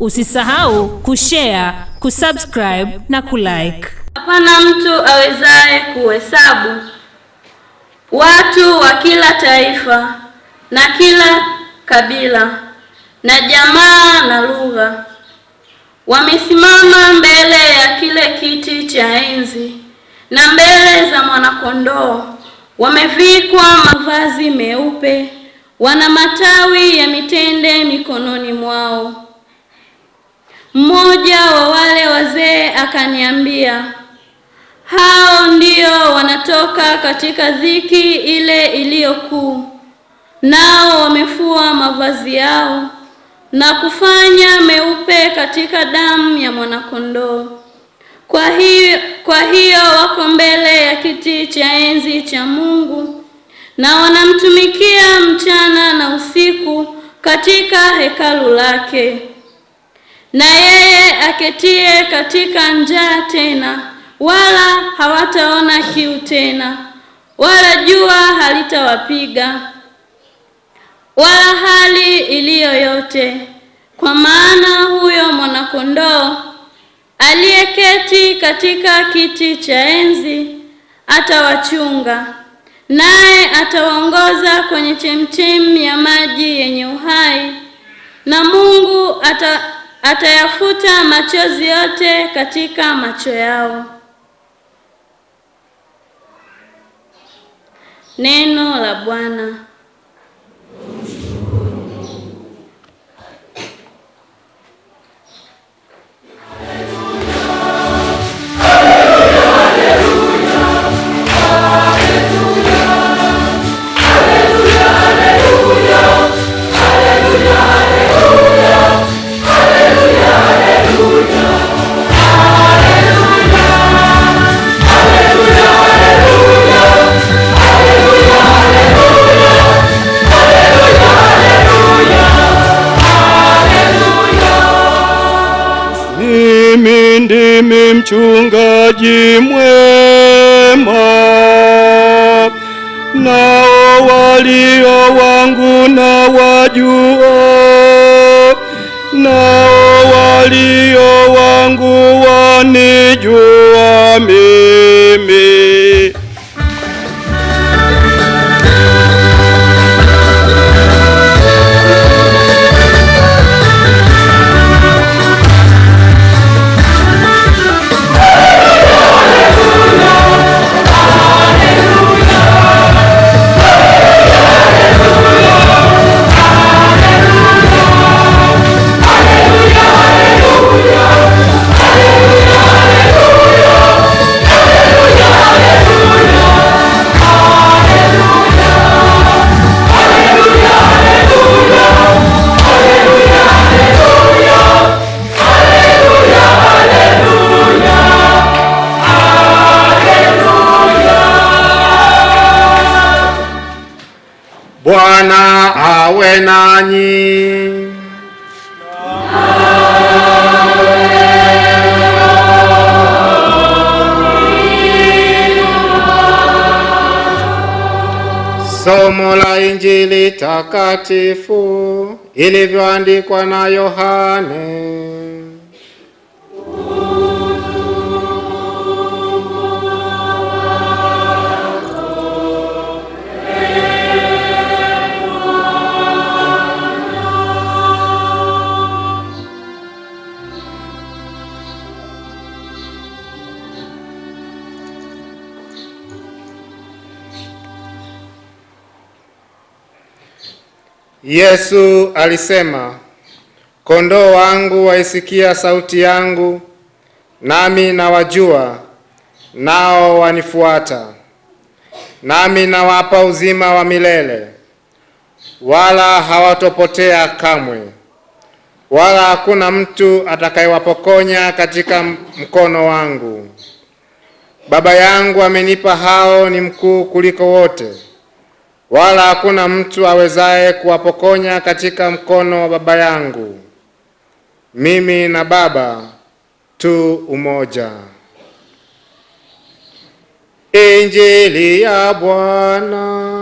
Usisahau kushare, kusubscribe na kulike. Hapana mtu awezaye kuhesabu watu wa kila taifa na kila kabila na jamaa na lugha wamesimama mbele ya kile kiti cha enzi na mbele za mwanakondoo. Wamevikwa mavazi meupe, wana matawi ya mitende mikononi mwao. Mmoja wa wale wazee akaniambia, hao ndio wanatoka katika dhiki ile iliyokuu, nao wamefua mavazi yao na kufanya meupe katika damu ya mwanakondoo. Kwa hiyo, kwa hiyo wako mbele ya kiti cha enzi cha Mungu na wanamtumikia mchana na usiku katika hekalu lake na yeye aketie katika njaa tena, wala hawataona kiu tena, wala jua halitawapiga wala hali iliyo yote, kwa maana huyo mwanakondoo aliyeketi katika kiti cha enzi atawachunga, naye atawaongoza kwenye chemchemi ya maji yenye uhai, na Mungu ata atayafuta machozi yote katika macho yao. Neno la Bwana. Bwana awe nanyi. Somo la Injili takatifu ilivyoandikwa na Yohane Yesu alisema, kondoo wangu waisikia sauti yangu, nami nawajua, nao wanifuata, nami nawapa uzima wa milele, wala hawatopotea kamwe, wala hakuna mtu atakayewapokonya katika mkono wangu. Baba yangu amenipa hao ni mkuu kuliko wote wala hakuna mtu awezaye kuwapokonya katika mkono wa Baba yangu. Mimi na Baba tu umoja. Injili ya Bwana.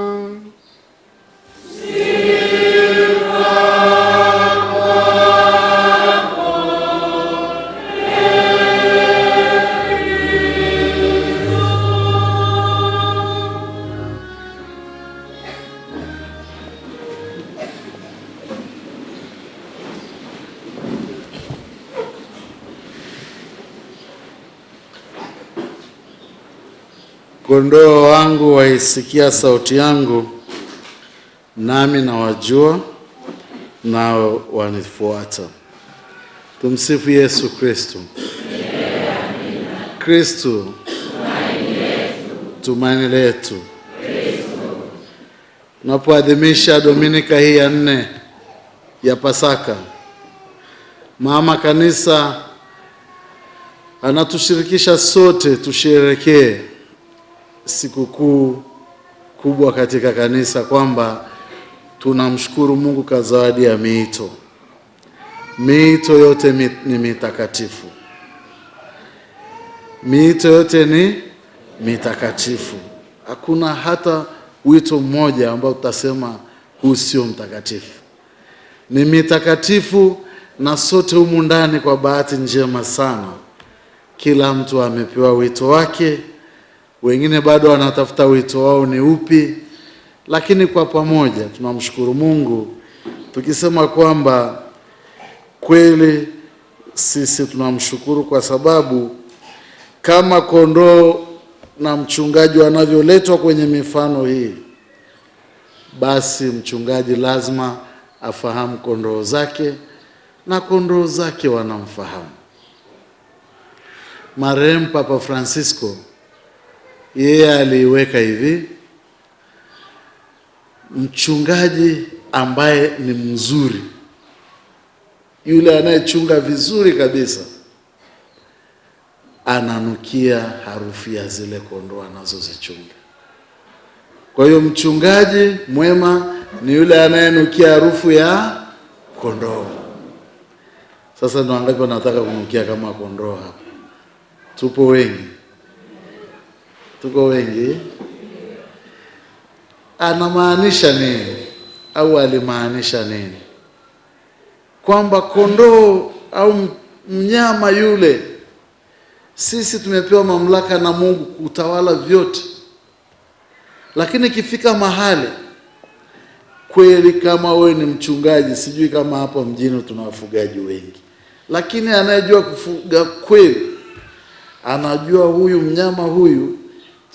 Kondoo wangu waisikia sauti yangu, nami nawajua, nao wanifuata. Tumsifu Yesu Kristo. Kristo tumaini letu. Tunapoadhimisha dominika hii ya nne ya Pasaka, mama kanisa anatushirikisha sote tusherekee sikukuu kubwa katika kanisa kwamba tunamshukuru Mungu kwa zawadi ya miito. Miito yote ni mitakatifu. Miito yote ni mitakatifu. Hakuna hata wito mmoja ambao tutasema huu sio mtakatifu. Ni mitakatifu na sote humu ndani, kwa bahati njema sana, kila mtu amepewa wito wake wengine bado wanatafuta wito wao ni upi, lakini kwa pamoja tunamshukuru Mungu tukisema kwamba kweli sisi tunamshukuru kwa sababu kama kondoo na mchungaji wanavyoletwa kwenye mifano hii, basi mchungaji lazima afahamu kondoo zake na kondoo zake wanamfahamu. Marehemu Papa Francisco yeye aliiweka hivi, mchungaji ambaye ni mzuri, yule anayechunga vizuri kabisa, ananukia harufu ya zile kondoo anazozichunga. Kwa hiyo mchungaji mwema ni yule anayenukia harufu ya kondoo. Sasa ndo angapi wanataka kunukia kama kondoo hapa? Tupo wengi tuko wengi, anamaanisha nini au alimaanisha nini? Kwamba kondoo au mnyama yule, sisi tumepewa mamlaka na Mungu kutawala vyote, lakini ikifika mahali kweli, kama wewe ni mchungaji, sijui kama hapa mjini tuna wafugaji wengi, lakini anayejua kufuga kweli anajua huyu mnyama huyu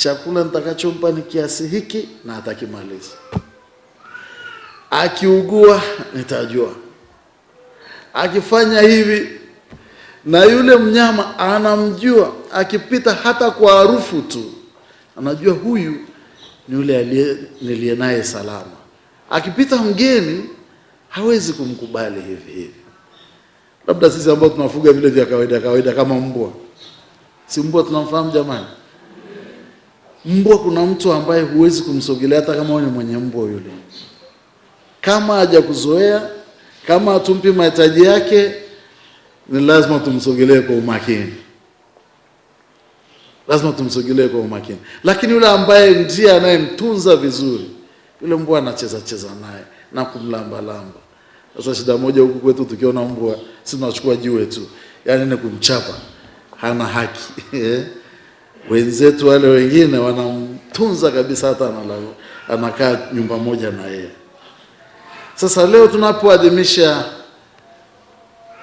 chakula nitakachompa ni kiasi hiki na atakimaliza. Akiugua nitajua, akifanya hivi. Na yule mnyama anamjua, akipita hata kwa harufu tu anajua huyu ni yule niliye naye salama. Akipita mgeni hawezi kumkubali hivi hivi. Labda sisi ambao tunafuga vile vya kawaida kawaida kama mbwa, si mbwa tunamfahamu jamani? Mbwa, kuna mtu ambaye huwezi kumsogelea hata kama wewe ni mwenye mbwa yule, kama hajakuzoea, kama hatumpi mahitaji yake, ni lazima tumsogelee kwa umakini, lazima tumsogelee kwa umakini. Lakini yule ambaye ndiye anayemtunza vizuri, yule mbwa anacheza cheza naye na kumlambalamba. Sasa shida moja huku kwetu, tukiona mbwa si tunachukua jiwe tu, yaani ni kumchapa, hana haki Wenzetu wale wengine wanamtunza kabisa, hata anakaa nyumba moja na yeye. Sasa leo tunapoadhimisha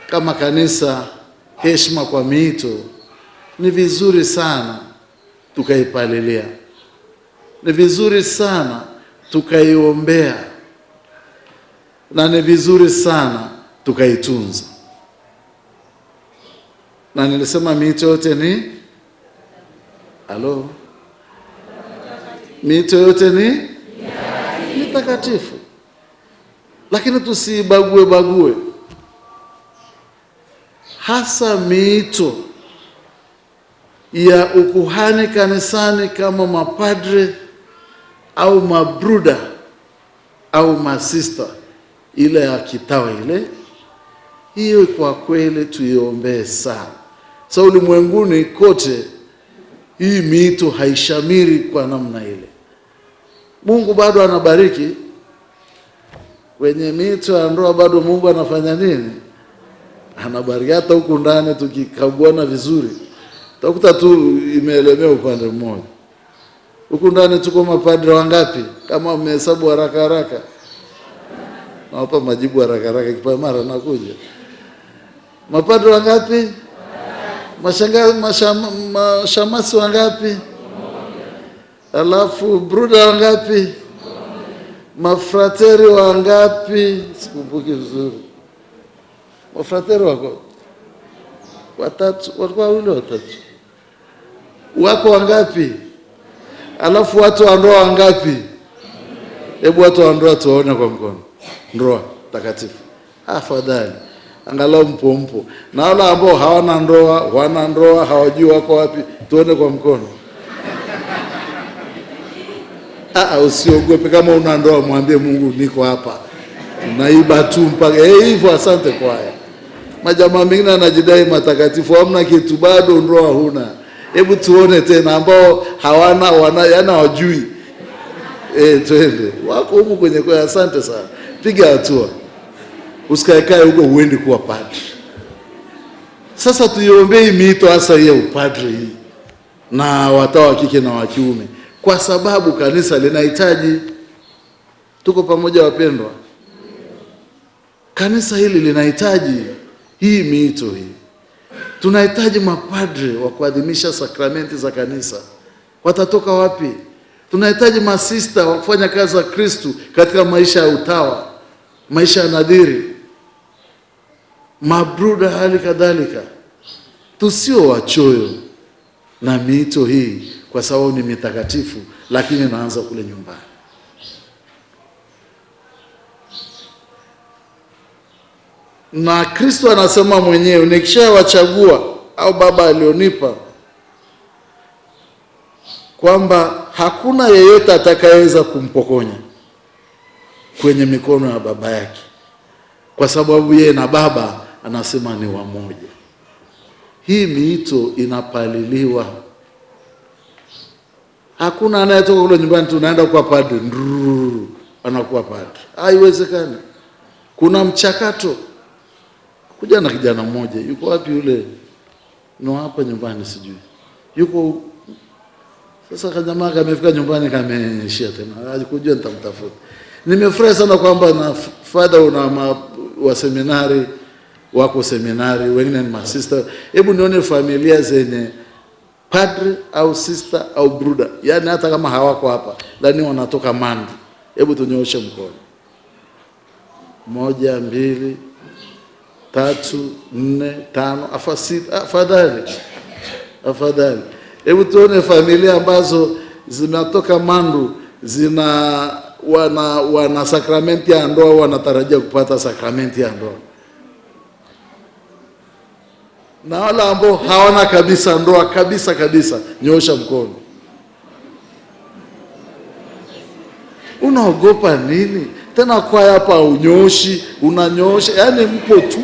kama kanisa heshima kwa miito, ni vizuri sana tukaipalilia, ni vizuri sana tukaiombea, na ni vizuri sana tukaitunza. Na nilisema miito yote ni Halo, mito yote ni mitakatifu, lakini tusibague bague, hasa miito ya ukuhani kanisani kama mapadre au mabruda au masista, ile ya kitawa ile hiyo, kwa kweli tuiombee sana. Sa so, ulimwenguni kote hii miito haishamiri kwa namna ile. Mungu bado anabariki kwenye mito ya ndoa, bado Mungu anafanya nini? Anabariki. Hata huku ndani tukikaguana vizuri, takuta tu imeelemea upande mmoja. Huku ndani tuko mapadre wangapi? Kama mmehesabu haraka haraka, nawapa majibu haraka haraka, kipamara nakuja. Mapadre wangapi? mashamasi wangapi? Alafu bruda wangapi? Mafrateri wangapi? Sikumbuki vizuri. Mafrateri wako watatu, walikuwa wawili watatu, wako wangapi? Alafu watu wa ndoa wangapi? Hebu watu wa ndoa tuwaone kwa mkono. Ndoa takatifu, afadhali angalau mpo mpo, na wale ambao hawana ndoa, wana ndoa, hawajui wako wapi, tuone kwa mkono. Ah, ah, usiogope kama una ndoa, mwambie Mungu niko hapa, naiba tu mpaka eh, hivyo. asante kwa haya. Majamaa mengine anajidai matakatifu, hamna kitu, bado ndoa huna. Hebu tuone tena ambao hawana wana, yana wajui. Eh, twende wako huku kwenye kwa. Asante sana, piga hatua usikaekae huko uende kuwa padri. Sasa tuiombee miito hasa ya upadri hii na watawa wa kike na wa kiume, kwa sababu kanisa linahitaji. Tuko pamoja wapendwa, kanisa hili linahitaji hii miito hii. Tunahitaji mapadri wa kuadhimisha sakramenti za kanisa, watatoka wapi? Tunahitaji masista wa kufanya kazi za Kristu katika maisha ya utawa, maisha ya nadhiri mabruda, hali kadhalika tusio wachoyo na miito hii, kwa sababu ni mitakatifu, lakini naanza kule nyumbani. Na Kristo anasema mwenyewe, nikishawachagua au Baba alionipa kwamba hakuna yeyote atakayeweza kumpokonya kwenye mikono ya Baba yake, kwa sababu yeye na Baba anasema ni wamoja. Hii miito inapaliliwa, hakuna anayetoka kule nyumbani, tunaenda kuwa padri, ndururu anakuwa padri. Haiwezekani. Kuna mchakato. Kuja na kijana mmoja, yuko wapi yule? No, hapa nyumbani, sijui yuko sasa kajamaa kamefika nyumbani kameishia tena. Alikujua nitamtafuta. Nimefurahi sana kwamba na fadha una wa seminari wako seminari, wengine ni masista. Hebu nione familia zenye padre au sister au bruda, yaani hata kama hawako hapa lakini wanatoka Mandi. Hebu tunyooshe mkono, moja, mbili, tatu, nne, tano, afasita. Afadhali, afadhali. Hebu tuone familia ambazo zinatoka Mandu zina wana wana sakramenti ya ndoa, wanatarajia kupata sakramenti ya ndoa na wale ambao hawana kabisa ndoa kabisa kabisa, nyoosha mkono. Unaogopa nini tena? Kwaya hapa unyoshi, unanyoosha, yaani mpo tu.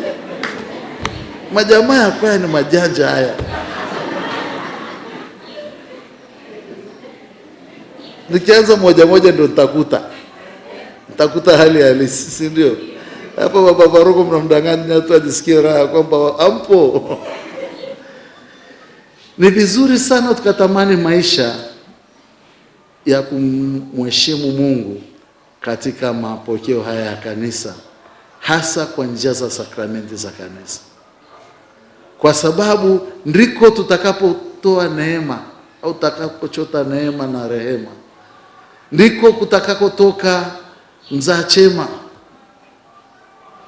Majamaa ya kwaya ni majanja haya. Nikianza moja moja ndio nitakuta nitakuta hali halisi, si ndio? Hapa Baba Faruku mnamdanganya tu ajisikie raha kwamba ampo. Ni vizuri sana tukatamani maisha ya kumheshimu Mungu katika mapokeo haya ya kanisa, hasa kwa njia za sakramenti za kanisa, kwa sababu ndiko tutakapotoa neema au tutakapochota neema na rehema, ndiko kutakakotoka mzaa chema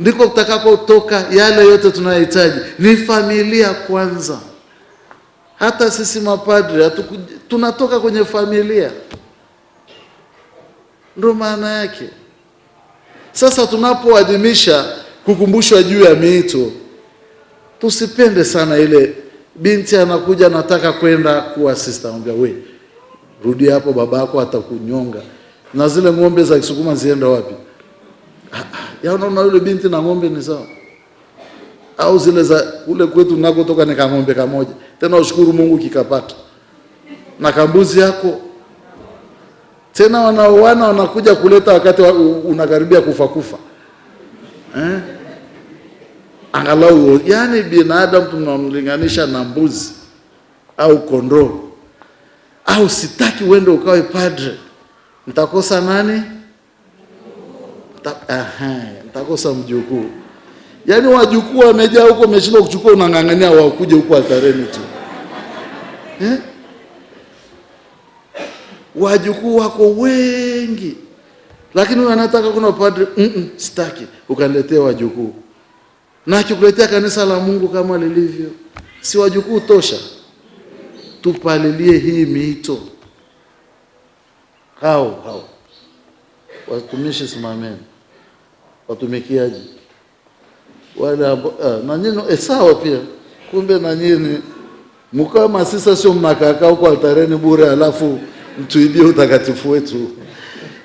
ndiko tutakapotoka yale yote tunayohitaji. Ni familia kwanza. Hata sisi mapadri tunatoka kwenye familia, ndo maana yake. Sasa tunapoadhimisha kukumbushwa juu ya miito, tusipende sana ile binti anakuja anataka kwenda kuwa sista, anambia we, rudi hapo, babako atakunyonga. Na zile ng'ombe za Kisukuma zienda wapi? ya unaona yule binti na ng'ombe ni sawa, au zile za kule kwetu nakotoka ni kang'ombe kamoja, tena ushukuru Mungu kikapata na kambuzi yako tena wanaoana wanakuja kuleta wakati wa, unakaribia kufa kufa eh? Angalau yani binadamu tunamlinganisha na mbuzi au kondoo. Au sitaki uende ukawe padre, nitakosa nani? mtakosa mjukuu. Yaani wajukuu wamejaa huko, umeshindwa kuchukua, unang'ang'ania wakuje huko altareni tu eh? Wajukuu wako wengi, lakini huyo anataka kuna padri mm -mm, sitaki ukaniletea wajukuu. Na akikuletea kanisa la Mungu kama lilivyo, si wajukuu tosha? Tupalilie hii miito. Hao hao watumishi, simameni watumikiaji wale ambao eh, na nyinyi eh, sawa pia. Kumbe na nyinyi mkawa sisa, sio mnakaa huko altareni bure, alafu mtuibie utakatifu wetu.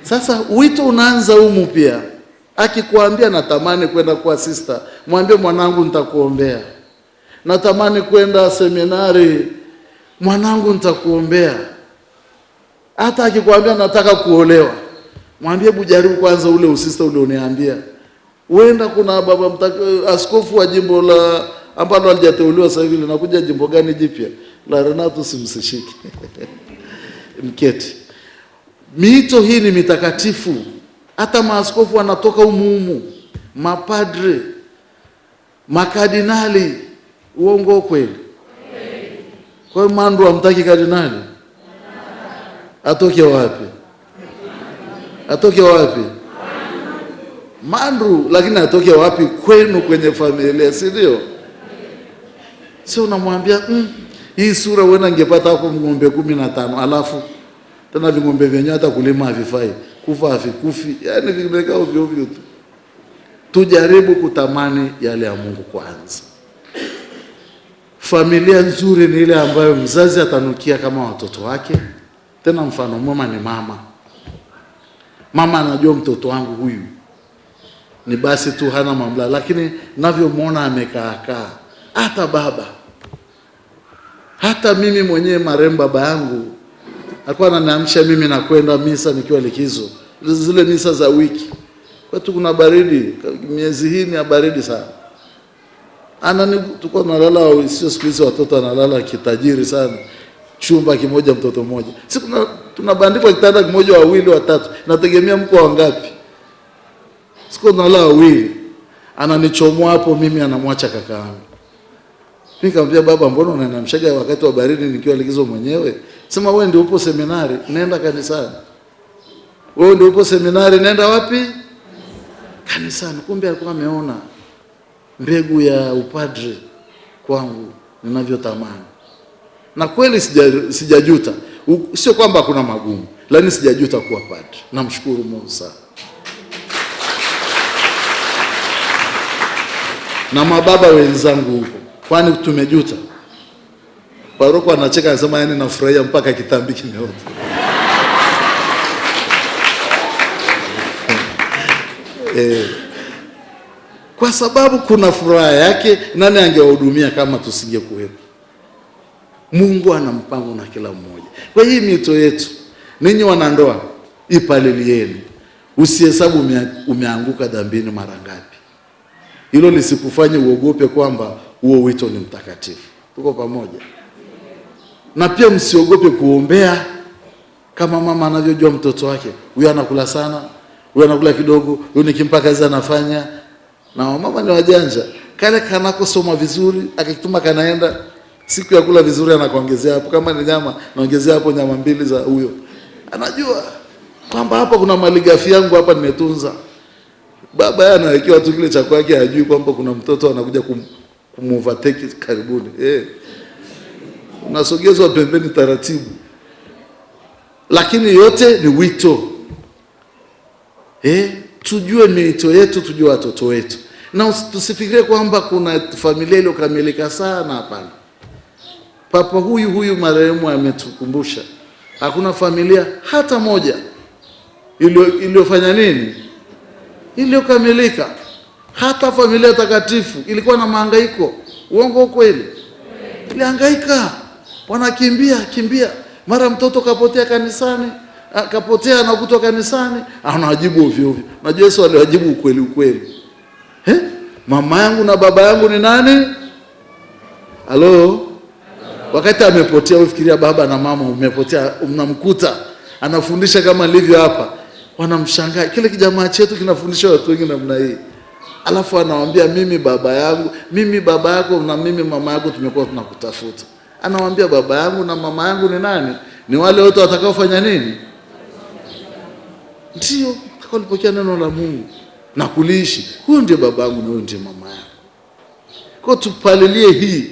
Sasa wito unaanza humu pia. Akikuambia natamani kwenda kuwa sister, mwambie mwanangu, nitakuombea. Natamani kwenda seminari, mwanangu, nitakuombea. Hata akikwambia nataka kuolewa Mwambie bujaribu kwanza ule usista ulioniambia. uenda kuna baba mtaka, askofu wa jimbo la ambalo alijateuliwa sasa hivi linakuja jimbo gani jipya? La Renato simsishiki. Mketi. Miito hii ni mitakatifu. Hata maaskofu wanatoka umuumu, mapadre, makardinali. Uongo kweli? Kwa hiyo Mandu hamtaki kardinali, atoke wapi? Atoke wapi? Mandru, lakini atoke wapi? Kwenu kwenye familia, si ndio? Sio unamwambia mm, hii sura wewe ungepata hapo ng'ombe kumi na tano alafu tena ving'ombe vyenyewe hata kulima havifai, kufa havikufi, yaani vimekaa ovyo ovyo tu. Tujaribu kutamani yale ya Mungu kwanza. Familia nzuri ni ile ambayo mzazi atanukia kama watoto wake, tena mfano mwema ni mama mama anajua mtoto wangu huyu ni basi tu hana mamlaka, lakini navyomwona amekaakaa. Hata baba, hata mimi mwenyewe marehemu baba yangu alikuwa ananiamsha mimi na kwenda misa nikiwa likizo, zile misa za wiki. Kwetu kuna baridi, miezi hii ni ya baridi sana. Anani tulikuwa nalala, sio siku hizi watoto analala kitajiri sana, chumba kimoja, mtoto mmoja. Siku tunabandikwa kitanda kimoja wawili watatu, nategemea mko wangapi? Siku tunala wawili, ananichomoa hapo mimi, anamwacha kaka yangu. Nikamwambia baba, mbona unaenda mshaga wakati wa baridi nikiwa likizo mwenyewe? Sema wewe ndio upo seminari, nenda kanisani. Wewe ndio upo seminari, nenda wapi? Kanisani. Kumbe alikuwa ameona mbegu ya upadre kwangu ninavyotamani, na kweli sijajuta sija, Sio kwamba kuna magumu, lakini sijajuta kuwa padri. Namshukuru Mungu sana na mababa wenzangu huko, kwani tumejuta. Paroko anacheka anasema, yani nafurahia mpaka kitambi kimeota. Eh, kwa sababu kuna furaha yake. Nani angewahudumia kama tusingekuwepo? Mungu ana mpango na kila mmoja. Kwa hii mito yetu, ninyi wanandoa, ipalilieni, usihesabu umeanguka dhambini mara ngapi. Hilo lisikufanye uogope kwamba huo wito ni mtakatifu. Tuko pamoja? Na pia msiogope kuombea, kama mama anavyojua mtoto wake, huyu anakula sana, huyu anakula kidogo, huyu nikimpa kazi anafanya. Na mama ni wajanja, kale kanakosoma vizuri, akituma kanaenda siku ya kula vizuri anakuongezea hapo, kama ni nyama naongezea hapo nyama mbili za huyo. Anajua kwamba hapa kuna malighafi yangu hapa nimetunza. Baba yeye anawekewa tu kile cha kwake, hajui kwamba kuna mtoto anakuja kum, kumovertake karibuni eh, unasogezwa pembeni taratibu, lakini yote ni wito eh, tujue miito yetu, tujue watoto wetu, na tusifikirie kwamba kuna familia iliyokamilika sana. Hapana. Papa huyu huyu marehemu ametukumbusha hakuna familia hata moja iliyofanya nini, iliyokamilika. Hata familia takatifu ilikuwa na mahangaiko. Uongo kweli? Ilihangaika, wanakimbia kimbia, mara mtoto kapotea kanisani, kapotea anakutwa kanisani, anawajibu ovyo ovyo. Na Yesu aliwajibu ukweli ukweli, eh, mama yangu na baba yangu ni nani? Halo wakati amepotea, ufikiria baba na mama umepotea, unamkuta anafundisha kama alivyo hapa, wanamshangaa. Kile kijamaa chetu kinafundisha watu wengi namna hii, alafu anawambia mimi baba yangu, mimi baba yako na mimi mama yako tumekuwa tunakutafuta. Anawambia baba yangu na mama yangu ni nani? Ni wale wote watakaofanya nini? Ndio alipokea neno la Mungu na kuliishi. Huyo ndio baba yangu na huyo ndio mama yangu, kwa tupalilie hii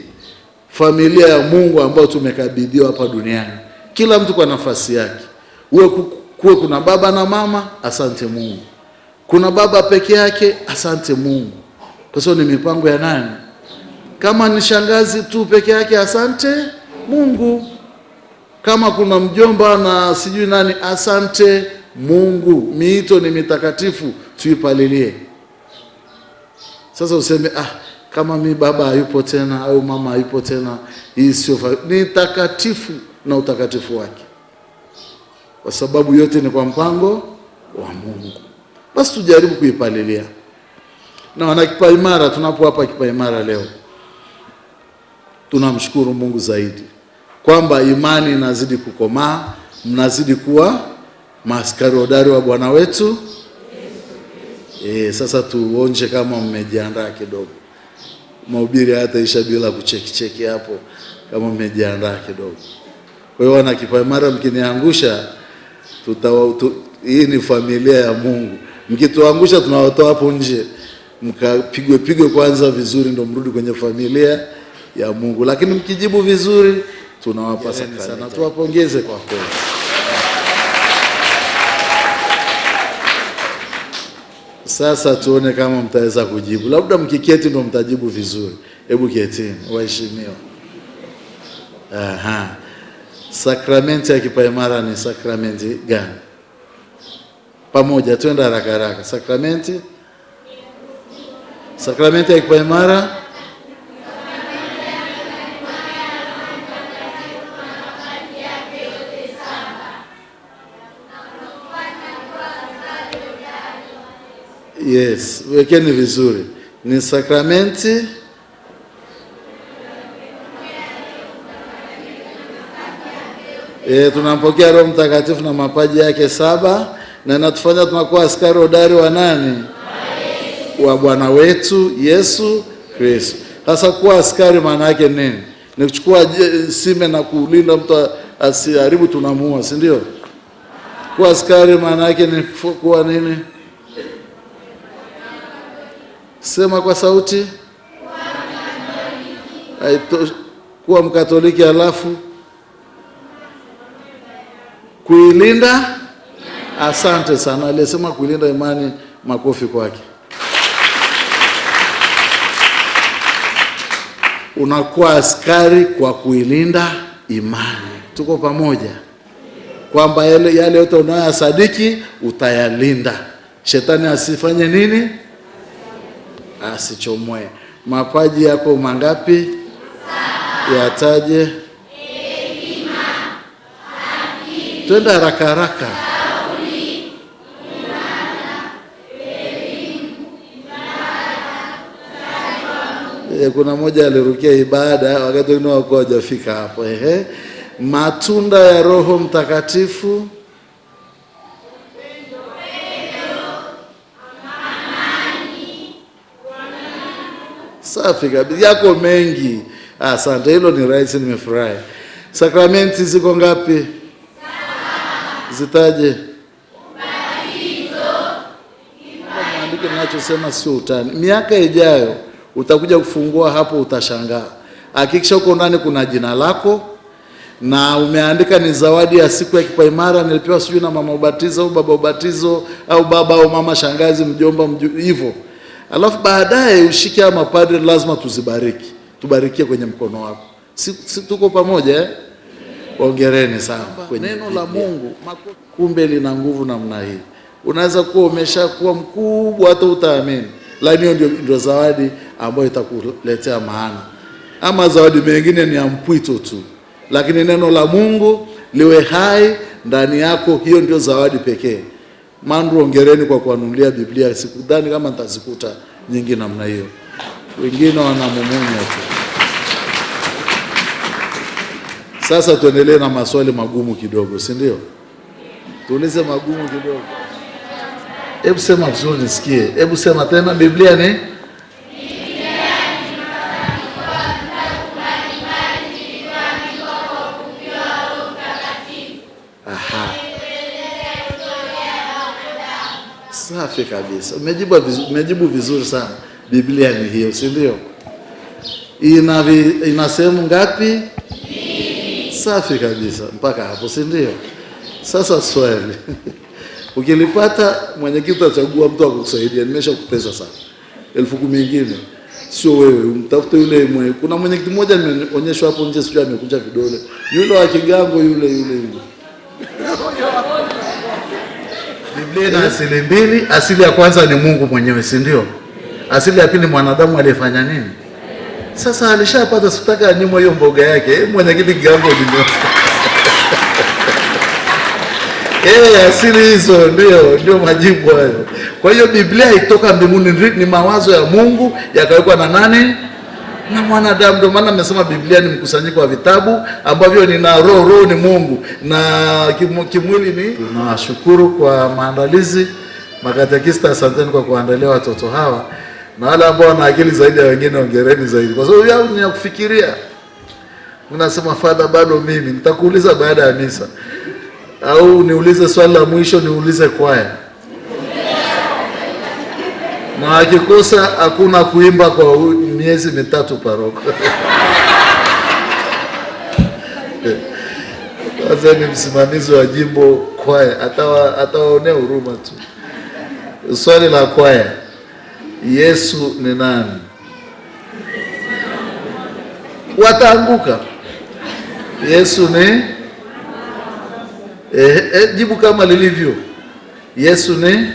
familia ya Mungu ambayo tumekabidhiwa hapa duniani, kila mtu kwa nafasi yake. Uwe kuwe kuna baba na mama, asante Mungu. Kuna baba peke yake, asante Mungu, kwa sababu ni mipango ya nani? Kama ni shangazi tu peke yake, asante Mungu. Kama kuna mjomba na sijui nani, asante Mungu. Miito ni mitakatifu, tuipalilie. Sasa useme ah kama mi baba hayupo tena au mama hayupo tena, hii sio ni takatifu na utakatifu wake, kwa sababu yote ni kwa mpango wa Mungu. Basi tujaribu kuipalilia na wana Kipaimara, tunapowapa Kipaimara leo tunamshukuru Mungu zaidi kwamba imani inazidi kukomaa, mnazidi kuwa maaskari hodari wa Bwana wetu. E, sasa tuonje kama mmejiandaa kidogo mahubiri hayataisha bila kucheki cheki hapo, kama mmejiandaa kidogo. Kwa hiyo wana Kipaimara, mara mkiniangusha tutawa tu, hii ni familia ya Mungu. Mkituangusha tunawatoa hapo nje, mkapigwe pigwe kwanza vizuri, ndo mrudi kwenye familia ya Mungu. Lakini mkijibu vizuri tunawapa sana. Tuwapongeze kwa kweli. Sasa tuone kama mtaweza kujibu, labda mkiketi ndo mtajibu vizuri. Hebu ketini, waheshimiwa. Aha, sakramenti ya kipaimara ni sakramenti gani? Pamoja twenda haraka haraka. Sakramenti, sakramenti ya kipaimara Yes, wekeni vizuri, ni sakramenti E, tunampokea Roho Mtakatifu na mapaji yake saba na inatufanya tunakuwa askari hodari wa nani? Wa Bwana wetu Yesu Kristo. Sasa kuwa askari maana yake nini? Ni kuchukua sime na kulinda mtu asiharibu, tunamuua, si ndio? Kuwa askari maana yake ni kuwa nini? Sema kwa sauti, kuwa Mkatoliki halafu kuilinda. Asante sana, aliyesema kuilinda imani, makofi kwake. Unakuwa askari kwa kuilinda imani. Tuko pamoja kwamba yale yote unayoyasadiki utayalinda, shetani asifanye nini? asichomwe Mapaji yako mangapi? Yataje? Twenda haraka haraka. Eh, kuna mmoja alirukia ibada wakati wengine wako hawajafika hapo. Ehe, matunda ya Roho Mtakatifu Safi kabisa, yako mengi. Asante, hilo ni rahisi, nimefurahi. Sakramenti ziko ngapi? Zitaje? Andike nachosema, sio utani. Miaka ijayo utakuja kufungua hapo, utashangaa. Hakikisha huko ndani kuna jina lako na umeandika ni zawadi ya siku ya kipaimara nilipewa sijui na mama ubatizo au baba ubatizo au baba au mama shangazi mjomba hivyo mju alafu baadaye ushike ama padre, lazima tuzibariki, tubarikie kwenye mkono wako. Si, si tuko pamoja eh? Ongereni sana kwenye neno la Mungu, kumbe lina nguvu namna hii. Unaweza kuwa umeshakuwa mkubwa hata utaamini, lakini hiyo ndio, ndio zawadi ambayo itakuletea maana, ama zawadi mengine ni ya mpwito tu, lakini neno la Mungu liwe hai ndani yako, hiyo ndio zawadi pekee. Mandru, ongereni kwa kuwanunulia Biblia. Sikudhani kama nitazikuta nyingi namna hiyo, wengine wanamumunya tu. Sasa tuendelee na maswali magumu kidogo, si ndio? Tuulize magumu kidogo. Hebu sema vizuri nisikie. Hebu sema tena, Biblia ni safi kabisa. Umejibu vizuri, umejibu vizuri sana. Biblia ni hiyo, si ndio? Ina ina sehemu ngapi? Safi kabisa mpaka hapo, si ndio? Sasa swali ukilipata, mwenyekiti atachagua mtu Nimesha kupesa sana elfu kumi sio wewe, mtafute yule mwe. Kuna mwenyekiti mmoja nimeonyeshwa hapo nje, sijui amekuja vidole, yule wa Kigango, yule yule yule Biblia ina asili mbili. Asili ya kwanza ni Mungu mwenyewe, si ndio? Asili ya pili mwanadamu alifanya nini? Sasa alishapata, sitaka nyuma hiyo mboga yake eh, mwenyekiti kigango ndio Eh, asili hizo ndio ndio majibu hayo. Kwa hiyo Biblia itoka mbinguni, ni mawazo ya Mungu yakawekwa na nani? na mwanadamu. Ndio maana nimesema Biblia ni mkusanyiko wa vitabu ambavyo nina roho, roho ni Mungu na kimwili ni. Tunashukuru kwa maandalizi makatekista, asanteni kwa kuandalia watoto hawa na wale ambao wana akili zaidi ya wengine, ongereni zaidi, kwa sababu yao ni ya kufikiria. Unasema fadha, bado mimi nitakuuliza baada ya misa, au niulize swali la mwisho, niulize kwaya na akikosa hakuna kuimba kwa miezi mitatu paroko. Kwanza ni msimamizi wa jimbo kwaya, atawaonea huruma tu. Swali la kwaya, Yesu ni nani? Wataanguka. Yesu ni eh, eh, jibu kama lilivyo. Yesu ni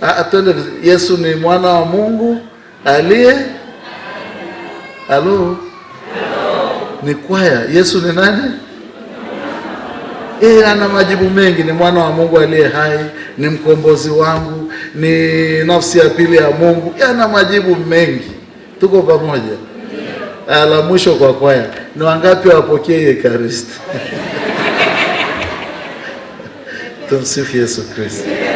Ah, ah, twende Yesu ni mwana wa Mungu aliye halo, ni kwaya. Yesu ni nani? Yeye ana majibu mengi. Ni mwana wa Mungu aliye hai, ni mkombozi wangu, ni nafsi ya pili ya Mungu. ana majibu mengi. Tuko pamoja? Ah, la mwisho kwa kwaya, ni wangapi wapokee Ekaristi? Tumsifu Yesu Kristo.